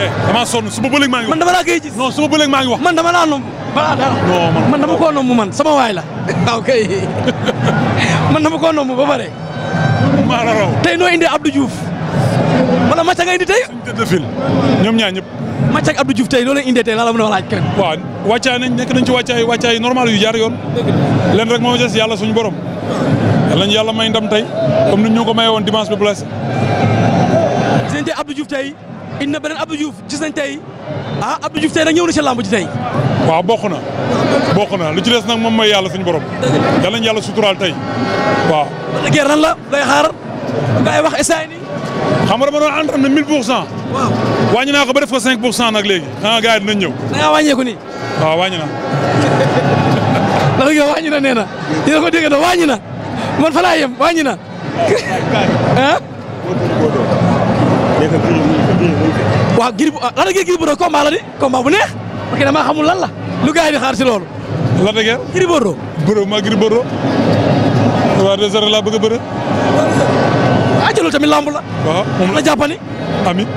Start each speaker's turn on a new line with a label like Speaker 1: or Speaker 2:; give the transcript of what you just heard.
Speaker 1: Eh, damaa sonn suba ba léegi maa ngi man dama laa koy gis non suba ba maa ngi wax man dama laa nomb man dama koo nomb man sama waay la waaw kay man dama koo nomb ba pare maa la raw tey noo indee Abdou Diouf wala Macha indi tey tëdd fil ñoom ñaar ñëpp Macha ak Abdou Diouf tey loolu indee tey laa la mën a laaj kenn waaw wàccaay nañ nekk nañ ci wàccaay wàccaay yu jaar yoon leen rek moo des yàlla suñu borom yal nañu yàlla may ndam tey comme ni ñu ko maye woon dimanche bi blessé. gis nañ tey Abdou Diouf tey indi na beneen Abdou Diouf gis nañ tey ah Abdou Diouf tey nag ñëw na ci làmb ji tey. waaw bokk na bokk na lu ci des nag moom mooy yàlla suñu borom. yal nañu yàlla suturaal tey waaw. wala guerre lan la lay xaar ngay wax essai nii. xam nga dama doon entraîné na pour cent. waaw wàññi naa ko ba def ko 5 pour cent nag léegi xanaa ah, gars yi dinañ ñëw. da ngaa wàññeeku nii. waaw wàññi naa. na nee na dina ko dégg na wàññi na man fa laa na ah waaw Gris Bordeaux Lac de Guiers Gris Bordeaux la di combat bu neex parce que damaa xamul la lu gars di xaar loolu Lac de Guiers Gris Bordeaux bërë maa Gris Bordeaux waa desere laa bëgg a bërë ah jëlul tamit lamb la waaw moom la jàppani amit